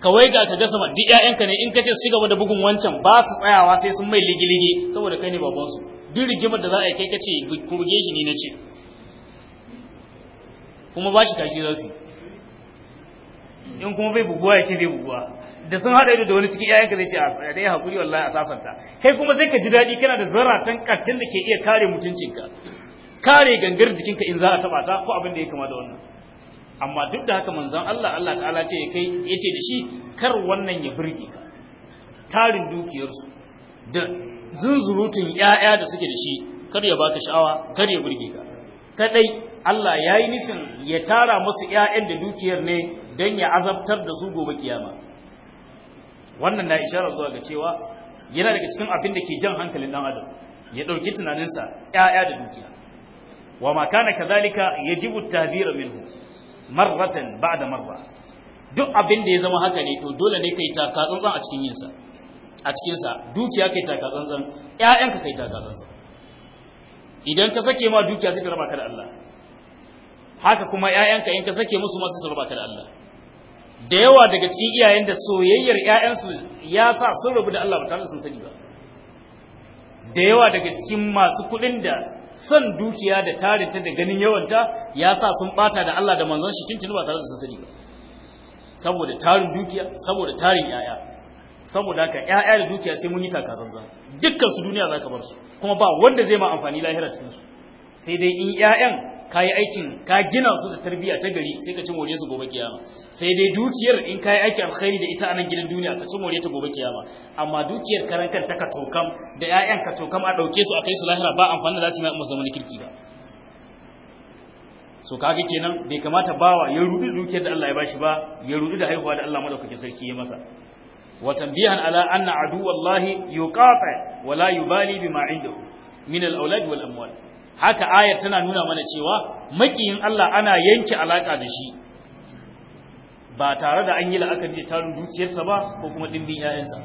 kawai ga ta gasa sama duk ƴaƴanka ne in kace su gaba da bugun wancan ba su tsayawa sai sun mai ligiligi saboda kai ne baban su duk rigimar da za a yi kai kace ku buge shi ne nace kuma ba shi kashi za su in kuma bai buguwa ya ce bai buguwa da sun haɗa ido da wani cikin ƴaƴanka zai ce a dai hakuri wallahi a sasanta kai kuma zai ka ji daɗi kana da zaratan kattin da ke iya kare mutuncinka kare gangar jikinka in za a taɓa ta ko abin da ya kama da wannan amma duk da haka manzon Allah Allah ta'ala ce kai yace da shi kar wannan ya burge ka tarin dukiyarsu da zunzurutun ƴaƴa da suke da shi kar ya baka sha'awa kar ya burge ka kadai Allah yayi nufin ya tara musu 'ya'yan da dukiyar ne dan ya azabtar da su gobe kiyama wannan na isharar zuwa ga cewa yana daga cikin abin da ke jan hankalin dan adam ya dauki tunaninsa 'ya'ya da dukiya wa ma kana kadhalika yajibu tahdhira minhu marratan ba'da marra duk abin da ya zama haka ne to dole ne kai taka tsantsan a cikin yinsa a cikin sa dukiya kai taka tsantsan ƴaƴanka kai taka tsantsan idan ka sake ma dukiya sai ka raba ka da Allah haka kuma ƴaƴanka in ka sake musu ma sai su raba ka da Allah da yawa daga cikin iyayen da soyayyar ƴaƴansu ya sa sun rabu da Allah ba tare da sun sani ba da yawa daga cikin masu kuɗin da son dukiya da tarinta da ganin yawanta ya sa sun ɓata da Allah da manzon shi tuntuni ba tare da sun sani ba saboda tarin dukiya saboda tarin yaya saboda haka yaya da dukiya sai mun yi takazanzan dukkan su duniya zaka bar su kuma ba wanda zai ma amfani lahira cikin su sai dai in yayan ka yi aikin ka gina su da tarbiyya ta gari sai ka ci more su gobe kiyama sai dai dukiyar in ka yi aikin alkhairi da ita anan gidan duniya ka ci more ta gobe kiyama amma dukiyar karan ta ka tokam da ƴaƴan ka tokam a dauke su a kai su lahira ba amfani da su yi musu zaman kirki ba so kaga kenan bai kamata bawa ya rudu dukiyar da Allah ya bashi ba ya rudu da haihuwa da Allah madaukakin sarki ya masa wa tanbihan ala anna aduwallahi yuqata wala yubali bima indahu min al-aulad wal amwal haka ayar tana nuna mana cewa makiyin Allah ana yanke alaka da shi ba tare da an yi la'akari da tarin dukiyarsa ba ko kuma dimbin 'ya'yansa.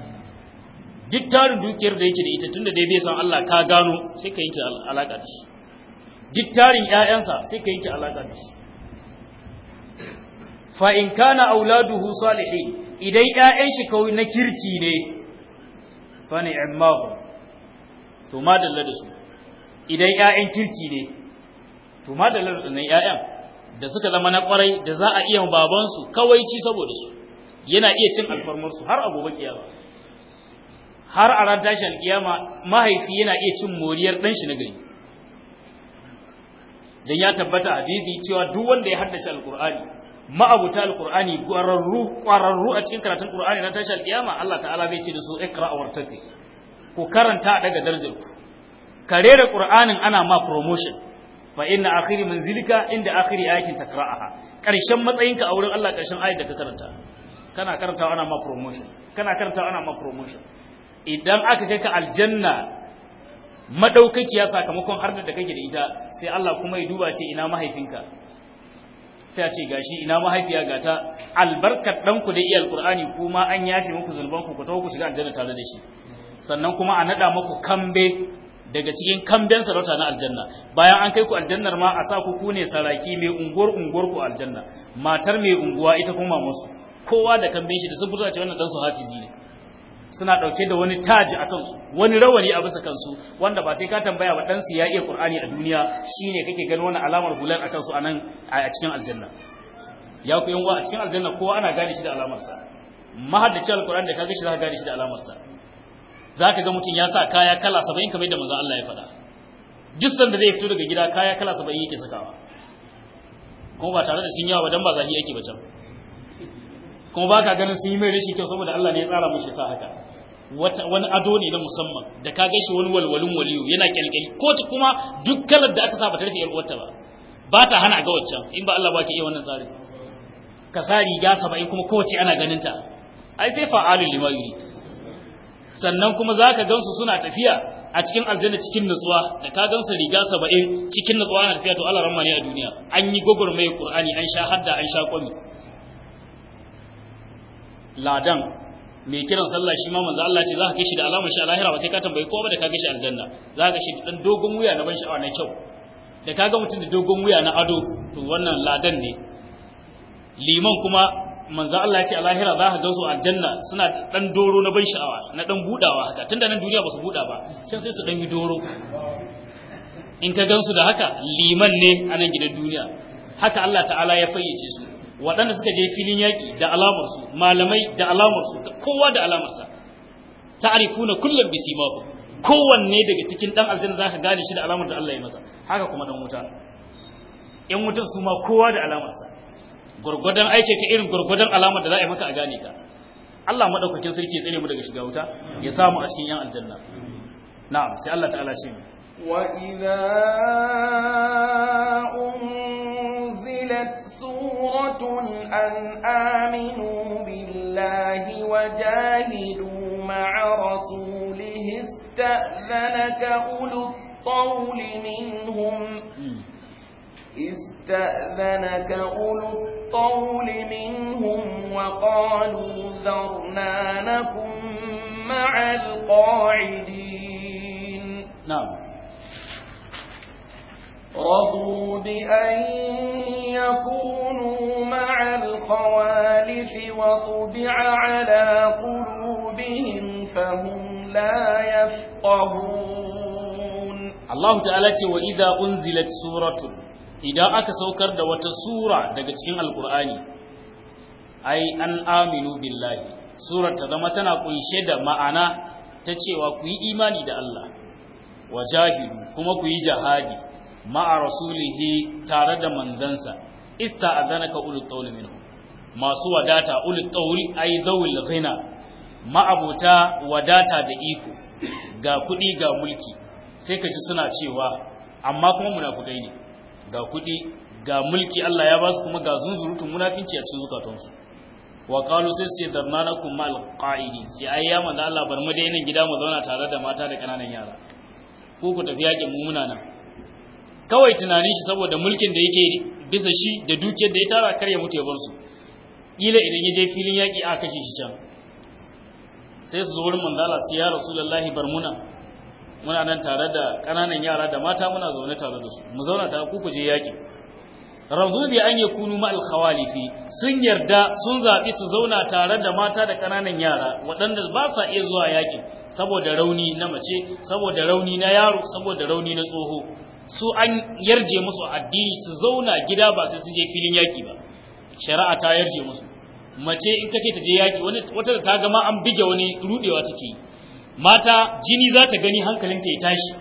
duk tarin dukiyar da yake da ita tunda dai bai san Allah ka gano sai ka yanke alaka da shi duk tarin ƴaƴansa sai ka yanke alaka da shi fa in kana auladuhu salihin idan 'ya'yan shi kawai na kirki ne fa ni'amahu to madalla da su idan 'ya'yan kirki ne to ma da lardunnan 'ya'yan da suka zama na kwarai da za a iya babansu kawai ci saboda su yana iya cin alfarmarsu har abubuwa kiyama har a ran tashi alkiyama mahaifi yana iya cin moriyar ɗanshi na gari don ya tabbata a hadisi cewa duk wanda ya haddace alkur'ani ma'abuta alkur'ani ƙwararru ƙwararru a cikin karatun ƙur'ani na tashi alkiyama Allah ta'ala bai ce da su ikra wartafi ku karanta daga darajar ka rera qur'anin ana ma promotion fa inna akhiri manzilika inda akhiri ayatin takra'aha karshen matsayinka a wurin Allah karshen ayat da ka karanta kana karanta ana ma promotion kana karanta ana ma promotion idan aka kai ka aljanna madaukakiya sakamakon har da kake da ita sai Allah kuma ya duba ce ina mahaifinka sai a ce gashi ina mahaifiya gata albarkar dan ku da iya alqur'ani kuma an yafe muku zulbanku ku ku tawo ku shiga aljanna tare da shi sannan kuma a nada muku kambe daga cikin kamben sarauta na aljanna bayan an kai ku aljannar ma a sa ku ku ne saraki mai unguwar unguwar ku aljanna matar mai unguwa ita kuma musu kowa da kamben shi da sun fito a ce wannan dan su hafizi ne suna dauke da wani taji a kansu wani rawani a bisa kansu wanda ba sai ka tambaya ba dan su ya iya qur'ani a duniya shine kake ganin wannan alamar hular a kansu anan a cikin aljanna ya ku yan a cikin aljanna kowa ana gane shi da alamarsa mahaddacin alquran da kaga shi za ka gane shi da alamarsa Za ka ga mutum ya sa kaya kala saba'in kamar yadda maza Allah ya faɗa duk sanda zai fito daga gida kaya kala saba'in yake sakawa kuma ba tare da sun yawa ba dan ba zahi yake ba can kuma baka ganin sun yi mai rashin kyau saboda Allah ne ya tsara mushi sa haka wani ado ne na musamman da ka gaishe wani walwalin waliyu yana kyalkyali ko ta kuma duk kalar da aka sa ba ta rufe yar uwarta ba ba ta hana ga waccan in ba Allah ba ke iya wannan tsarin ka sa riga saba'in kuma kowace ana ganin ta ai sai fa'alul lima yurid sannan kuma za ka gansu suna tafiya a cikin aljanna cikin nutsuwa da ka gansu riga saba'in cikin nutsuwa na tafiya to Allah rahmani a duniya an yi gwagwarmaye Qur'ani an sha hadda an sha kwami ladan mai kiran sallah shi ma manzo Allah ce za ka kishi da alamar shi a lahira ba sai ka tambayi kowa ba da ka kishi aljanna za ka shi dan dogon wuya na ban sha'awa na kyau da ka ga mutum da dogon wuya na ado to wannan ladan ne liman kuma manzo Allah ya ce a lahira za ka gansu aljanna suna dan doro na ban sha'awa na dan budawa haka tunda nan duniya ba su buda ba can sai su dan yi doro in ka gansu da haka liman ne a nan gidan duniya haka Allah ta'ala ya fayyace su waɗanda suka je filin yaƙi da alamarsu malamai da alamarsu kowa da alamarsa ta'rifuna kullum bisimahu kowanne daga cikin dan aljanna ka gane shi da alamar da Allah ya masa haka kuma dan wuta yan wutar su ma kowa da alamarsa gurgudan aikin ka irin gurgudan alamar da za a yi maka a gane ka Allah madaukakin sarki ya tsare mu daga shiga wuta ya samu a cikin yan aljanna na'am sai Allah ta'ala ce wa idza unzilat suratun an aminu billahi wajahidu ma'a rasulihi ista'dhanaka ulul qawli minhum hmm. استأذنك أولو الطول منهم وقالوا ذرنا لكم مع القاعدين نعم رضوا بأن يكونوا مع الخوالف وطبع على قلوبهم فهم لا يفقهون الله تعالى وإذا أنزلت سورة idan aka saukar da wata sura daga cikin alkur'ani ai an aminu billahi surar ta zama tana kunshe da ma'ana ta cewa ku yi imani da Allah wajahidu kuma ku yi jihadi ma'a rasulihi tare da manzansa ista ista'adanaka ulul tawli minhu masu wadata ulul tawli ai dawil ghina ma'abuta wadata da iko ga kudi ga mulki sai ka ji suna cewa amma kuma munafukai ne ga kuɗi ga mulki Allah ya ba su kuma ga zunzurutun munafinci a cikin zukatansu wa qalu sai sai darnanakum mal qaidi sai ai ya manzo Allah bar mu dai nan gida mu zauna tare da mata da kananan yara ko ku tafi yakin muna nan kawai tunanin shi saboda mulkin da yake bisa shi da dukiyar da ya tara kar ya mutu ya bar su kila idan ya je filin yaki a kashe shi can sai su zo wurin manzo Allah sai ya rasulullahi bar muna muna nan tare da ƙananan yara da mata muna zaune tare da su mu zauna tare ku kuje yaki razu bi an yakunu ma'al khawalifi sun yarda sun zabi su zauna tare da mata da ƙananan yara waɗanda ba sa iya zuwa yaki saboda rauni na mace saboda rauni na yaro saboda rauni na tsoho su an yarje musu addini su zauna gida ba sai sun je filin yaki ba shari'a ta yarje musu mace in kace ta je yaki wani wata da ta gama an bige wani rudewa take mata jini za ta gani hankalinta ya tashi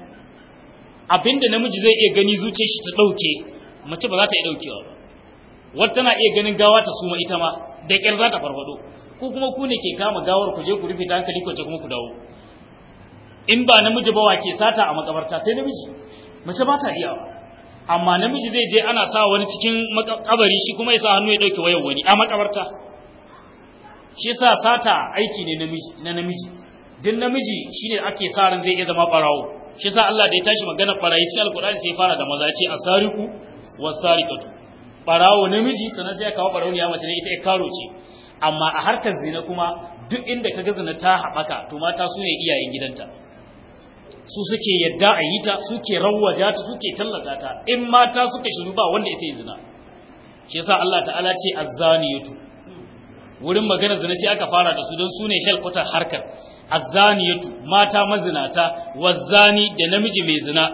abinda namiji zai iya gani zuciyar shi ta dauke mace ba za ta iya daukewa ba wata tana iya ganin gawa ta suma ita ma da kyar za ta farfado ko kuma ku ne ke kama gawar ku je ku rufe ta hankali ku kuma ku dawo in ba namiji ba wa ke sata a makabarta sai namiji mace ba ta iya ba, amma namiji zai je ana sa wani cikin makabari shi kuma ya sa hannu ya dauke wayar wani a makabarta shi yasa sata aiki ne na namiji din namiji shine ake sa ran zai iya zama barawo shi sa Allah da ya tashi magana farai cikin alkur'ani sai fara da maza ce asariku wasariqatu barawo namiji sanan sai ya kawo ya mace ne ita ya karo ce amma a harkar zina kuma duk inda kaga zina ta habaka to mata su ne iyayen gidanta su suke yadda a yi ta suke rawwaja ta suke tallata ta in mata suka shiru ba wanda ya zina shi yasa Allah ta'ala ce azzaniyatu wurin magana zina sai aka fara da su don su ne helkwatar harkar azzaniyatu mata mazinata wazzani da namiji mai zina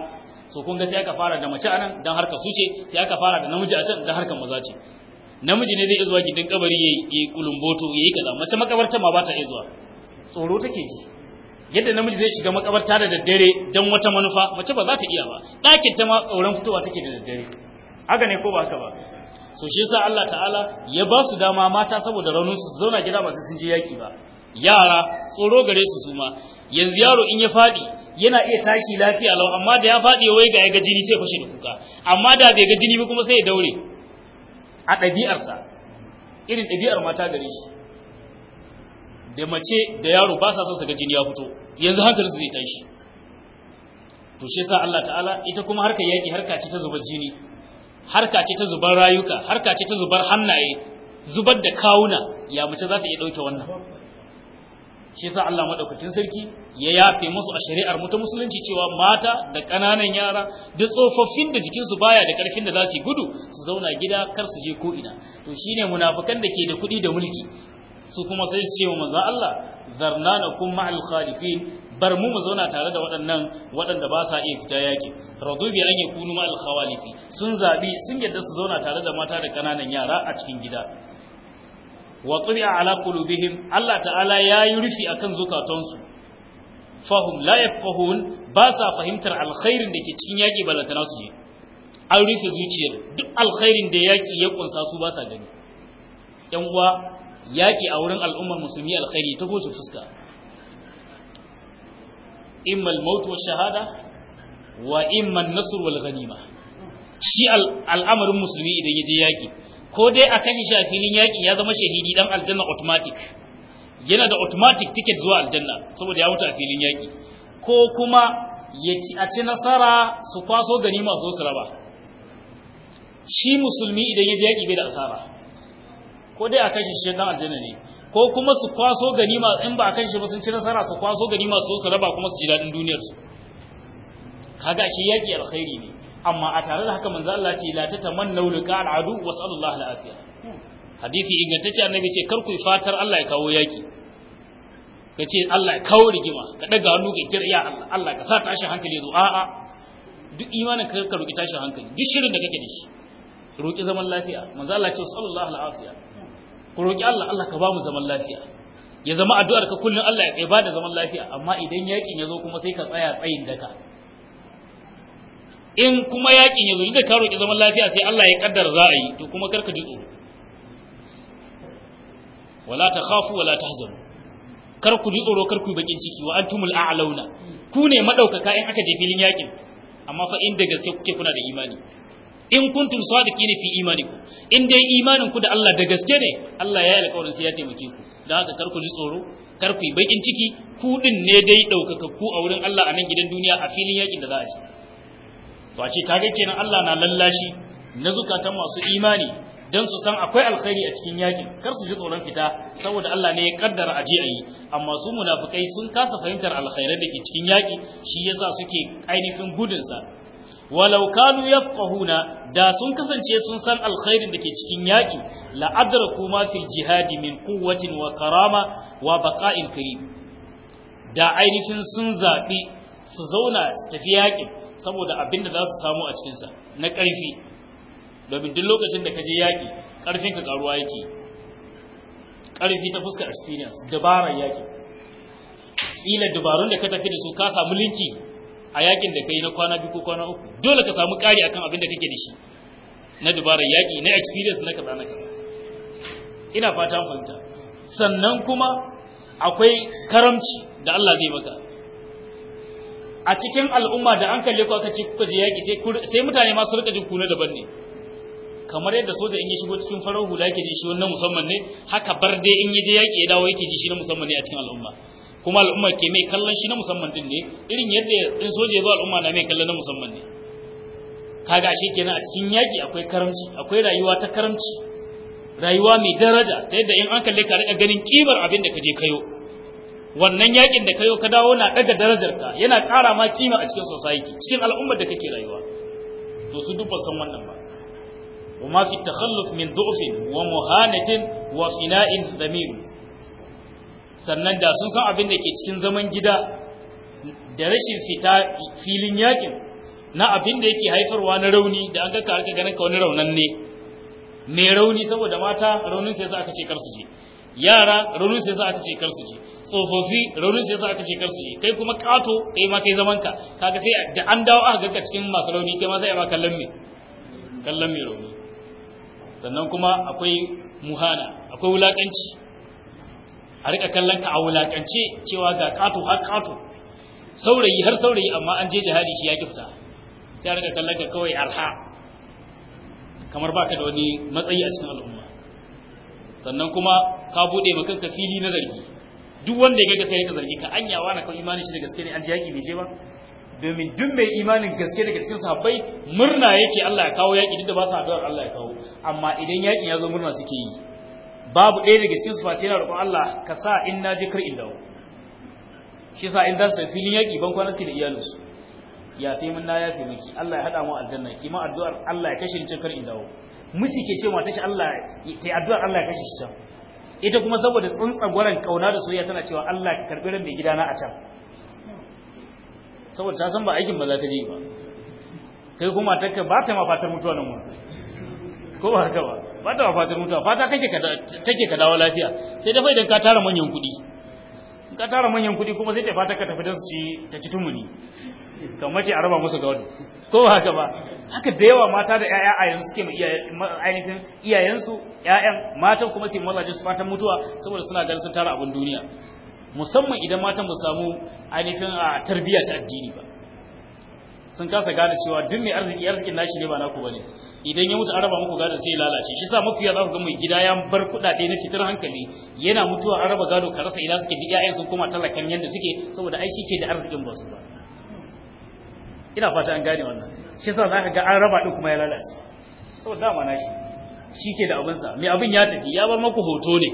so kun ga sai aka fara da mace anan dan harka su ce sai aka fara da namiji a can dan harkan maza ce namiji ne zai iya zuwa gidan kabari yayi kulumboto yayi kaza mace makabarta ma ba ta iya zuwa tsoro take ji yadda namiji zai shiga makabarta da daddare dan wata manufa mace ba za ta iya ba dakin ta ma tsoron fitowa take da daddare haka ne ko ba haka ba so shi yasa Allah ta'ala ya ba su dama mata saboda raunin su zauna gida ba sai sun je yaki ba yara tsoro gare su suma yanzu yaro in ya faɗi yana iya tashi lafiya lau amma da ya fadi wai ga ya ga jini sai fashe da kuka amma da bai ga jini ba kuma sai ya daure a ɗabi'arsa irin ɗabi'ar mata gare shi da mace da yaro ba sa son su ga jini ya fito yanzu su zai tashi to shi yasa Allah ta'ala ita kuma harka yaki harka ce ta zubar jini harka ce ta zubar rayuka harka ce ta zubar hannaye zubar da kawuna ya mace za ta iya dauke wannan shi sa Allah madaukakin sarki ya yafe musu a shari'ar mu musulunci cewa mata da ƙananan yara da tsofaffin da jikinsu baya da karfin da za su gudu su zauna gida kar su je ko ina to shine munafukan da ke da kuɗi da mulki su kuma sai su ce wa manzo Allah zarnanakum ma'al khalifin bar mu mu zauna tare da waɗannan waɗanda ba sa iya fita yaƙi radu bi an yakunu ma'al khawalifi sun zabi sun yadda su zauna tare da mata da kananan yara a cikin gida wa ala qulubihim Allah ta'ala ya yi rufi akan zukatansu fahum la yafqahun ba sa fahimtar alkhairin da ke cikin yaki balantana su je an rufe zuciyar duk alkhairin da yaki ya kunsa su ba sa gani yan uwa yaki a wurin al'ummar musulmi alkhairi ta gosu fuska imma al-maut wa shahada wa imma an-nasr wal ghanima shi al'amarin musulmi idan ya je yaki ko dai a kashe shi a filin yaƙi ya zama shahidi dan aljanna automatic yana da automatic ticket zuwa aljanna saboda ya mutu a filin yaƙi ko kuma ya ci a ci nasara su kwaso gani masu su raba shi musulmi idan ya je yaƙi bai da asara ko dai a kashe shi dan aljanna ne ko kuma su kwaso gani masu, in ba a kashe ba sun ci nasara su kwaso ganima su su raba kuma su ji daɗin duniyarsu kaga shi yaƙi alkhairi ne amma a tare da haka manzo Allah ce la tatamannu liqa al'adu wa sallallahu alaihi hadisi ingantacce annabi ce kar ku fatar Allah ya kawo yaki kace Allah ya kawo rigima ka daga hannu ka kira ya Allah Allah ka sa tashin hankali zo a a duk imanin ka ka roki tashin hankali duk shirin da kake da shi roki zaman lafiya manzo Allah ce sallallahu alaihi ku roki Allah Allah ka ba mu zaman lafiya ya zama addu'ar ka kullun Allah ya kai ba da zaman lafiya amma idan yakin ya zo kuma sai ka tsaya tsayin daka in kuma yakin ya zo da ka roƙi zaman lafiya sai Allah ya kaddara za a yi to kuma karka ji tsoro wala khafu wala tahzanu kar ku ji tsoro kar ku bakin ciki wa antumul a'launa ku ne madaukaka in aka je filin yakin amma fa inda gaske kuke kuna da imani in kuntum sadiqina fi imanikum in dai imanin ku da Allah da gaske ne Allah ya yi alƙawarin sai ya taimake ku da haka kar ku ji tsoro kar ku yi bakin ciki ku din ne dai daukaka ku a wurin Allah a nan gidan duniya a filin yakin da za a ci to ta ce kenan Allah na lallashi na zukatan masu imani dan su san akwai alkhairi a cikin yakin kar su ji tsoron fita saboda Allah ne ya kaddara aje ayi amma su munafikai sun kasa fahimtar alkhairai da ke cikin yaki shi yasa suke ainihin gudun sa walau kanu yafqahuna da sun kasance sun san alkhairin da ke cikin yaki la adraku ma fil jihadi min quwwatin wa karama wa baqa'in karim da ainihin sun zabi su zauna su tafi yakin saboda abin da za su samu a cikinsa na ƙarfi domin duk lokacin da ka je yaƙi ƙarfin ka ƙaruwa yake ƙarfi ta fuskar experience dabarar yaƙi ƙila dabarun da ka tafi da su ka samu linki a yaƙin da ka yi na kwana biyu ko kwana uku dole ka samu ƙari akan abin da kake da shi na dabarar yaƙi na experience na kaza na kaza ina fata fahimta sannan kuma akwai karamci da Allah zai maka a cikin al'umma da an kalle ku aka ce kuka je yaki sai mutane ma su rika jin kuna daban ne kamar yadda soja in ya shigo cikin farar hula yake ji shi wannan musamman ne haka bar dai in ya je yaki ya dawo yake ji shi na musamman ne a cikin al'umma kuma al'umma ke mai kallon shi na musamman din ne irin yadda in soja ya zo al'umma na mai kallon na musamman ne kaga ashe kenan a cikin yaki akwai karamci akwai rayuwa ta karamci rayuwa mai daraja ta yadda in an kalle ka rika ganin kibar abin da ka je kayo wannan yakin da kayo ka dawo na daga darajarka yana ƙara ma kima a cikin society cikin al'ummar da kake rayuwa to su duk san wannan ba Kuma fi takhalluf min التخلف wa ضعف wa fina'in damir sannan da sun san abin da ke cikin zaman gida da rashin fita filin yakin na abin da yake haifarwa na rauni da an ga ka ganin ka wani raunan ne mai rauni saboda mata raunin sai aka ce kar su je yara raunin sai aka ce kar su ji tsofaffi raunin sai aka ce kar su ji kai kuma kato kai ma kai zaman ka kaga sai da an dawo aka ganka cikin masu rauni kai ma sai ba kallon me kallon me rauni sannan kuma akwai muhana akwai wulakanci a rika kallon ka a wulakance cewa ga kato har kato saurayi har saurayi amma an je jihadi shi ya kifta sai a rika kallon ka kawai arha kamar baka da wani matsayi a cikin al'umma sannan kuma ka bude maka kanka fili na zargi duk wanda ya ga kai ka zargi ka anya wani kan imanin shi da gaske ne an ji yaki bai je ba domin duk mai imanin gaske daga cikin sahabbai murna yake Allah ya kawo yaki duk da ba su addu'ar Allah ya kawo amma idan yaki ya zo murna suke yi babu ɗaya daga cikin su face yana roƙon Allah ka sa in na je kar in dawo shi sa in za su filin yaki ban kwana suke da iyalinsu ya sai mun na ya fi miki Allah ya haɗa mu aljanna kima addu'ar Allah ya kashe ni kar in dawo miji ke ce mata shi Allah ta addu'a Allah ya kashe shi can ita kuma saboda gwaran kauna da soyayya tana cewa Allah ka karɓi ran mai gidana a can saboda ta san ba aikin ba za ka je ba kai kuma ta ka ba ta ma fatar mutuwa nan wani ko ba haka ba ba ta ma fatar mutuwa fata kake ka take dawo lafiya sai dafa idan ka tara manyan kuɗi ka tara manyan kuɗi kuma sai ta fata ka tafi da su ci ta ci tumuni kamar ce a raba musu gado ko ba haka ba haka da yawa mata da 'ya'ya a yanzu suke ainihin iyayensu 'ya'yan matan kuma sai mazaje su fatan mutuwa saboda suna ganin sun tara abin duniya musamman idan matan ba samu ainihin a tarbiyya ta addini ba sun kasa gane cewa duk mai arziki arzikin nashi ne ba naku bane idan ya mutu araba muku gado sai lalace shi sa mafiya za ku ga mai gida ya bar kuɗaɗe na fitar hankali yana mutuwa araba gado ka rasa ina suke ji ƴaƴan sun koma talakan yanda suke saboda ai shi ke da arzikin ba su ba ina fata an gane wannan shi sa zaka ga an raba din kuma ya lalace saboda dama nashi shi ke da abin sa mai abin ya tafi ya bar maku hoto ne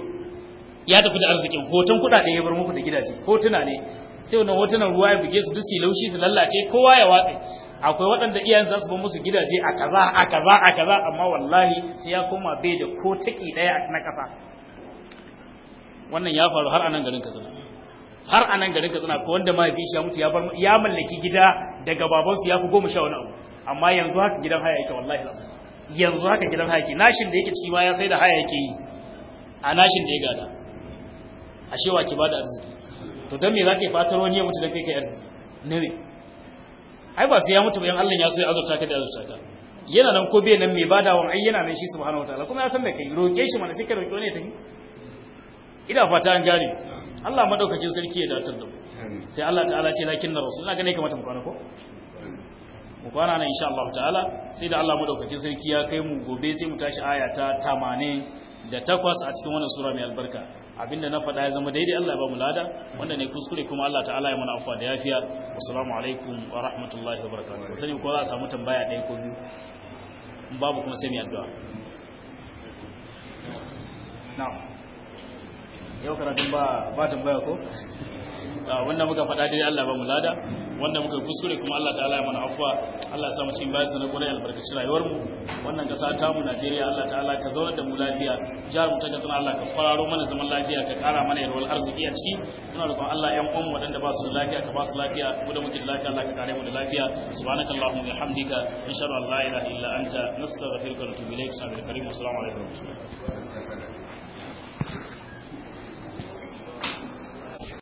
ya tafi da arzikin hoton kuɗaɗe ya bar muku da gidaje hotuna ne sai wannan hotunan ruwa ya buge su duk su laushi su lallace kowa ya watse akwai waɗanda iyayen za su ba musu gidaje a kaza a kaza a kaza amma wallahi sai ya koma bai da ko taki daya na ƙasa wannan ya faru har anan garin Katsina har anan garin Katsina ko wanda mahaifi ya mutu ya bar ya mallaki gida daga babansu ya fi goma sha wani abu amma yanzu haka gidan haya yake wallahi yanzu haka gidan haya yake nashin da yake ciki ma ya sai da haya yake yi a nashin da ya gada ashe wa ki bada arziki to don me za ka yi fatar wani ya mutu da kai kai arziki na ne. ai ba sai ya mutu bayan Allah ya so ya azurta ka da azurta ka yana nan ko bai nan mai badawan ai yana nan shi subhanahu wataala kuma ya san da kai roke shi mana sai ka roke wani ya tafi ina fata an gane Allah madaukakin sarki ya datar da mu sai Allah ta'ala ce lakin na rasul ina ga ne kamata mu kwana ko mu kwana nan insha Allah ta'ala sai da Allah madaukakin sarki ya kai mu gobe sai mu tashi aya ta 88 a cikin wannan sura mai albarka abinda na faɗa ya zama daidai Allah ya ba mu lada wanda ne kuskure kuma Allah ta'ala ya mana afuwa da yafiya assalamu alaikum wa rahmatullahi wa barakatuh sani ko za a samu tambaya ɗaya ko biyu babu kuma sai mu addu'a na'am yau karatun ba ba tambaya ko Ah, wannan muka faɗa dai Allah ba mu lada wannan muka kuskure kuma Allah ta'ala ya mana afwa Allah ya samu mu cikin bayan sanar gurin albarkaci rayuwar mu wannan kasa ta mu Najeriya Allah ta'ala ka zauna da mu lafiya jar mu ta kasa Allah ka fararo mana zaman lafiya ka ƙara mana yarwar arziki a ciki muna roƙon Allah ƴan uwan waɗanda ba su da lafiya ka ba su lafiya mu da muke da lafiya Allah ka kare mu da lafiya subhanakallahumma wa bihamdika inshallah la ilaha illa anta nastaghfiruka wa natubu ilayk sabil karim assalamu alaikum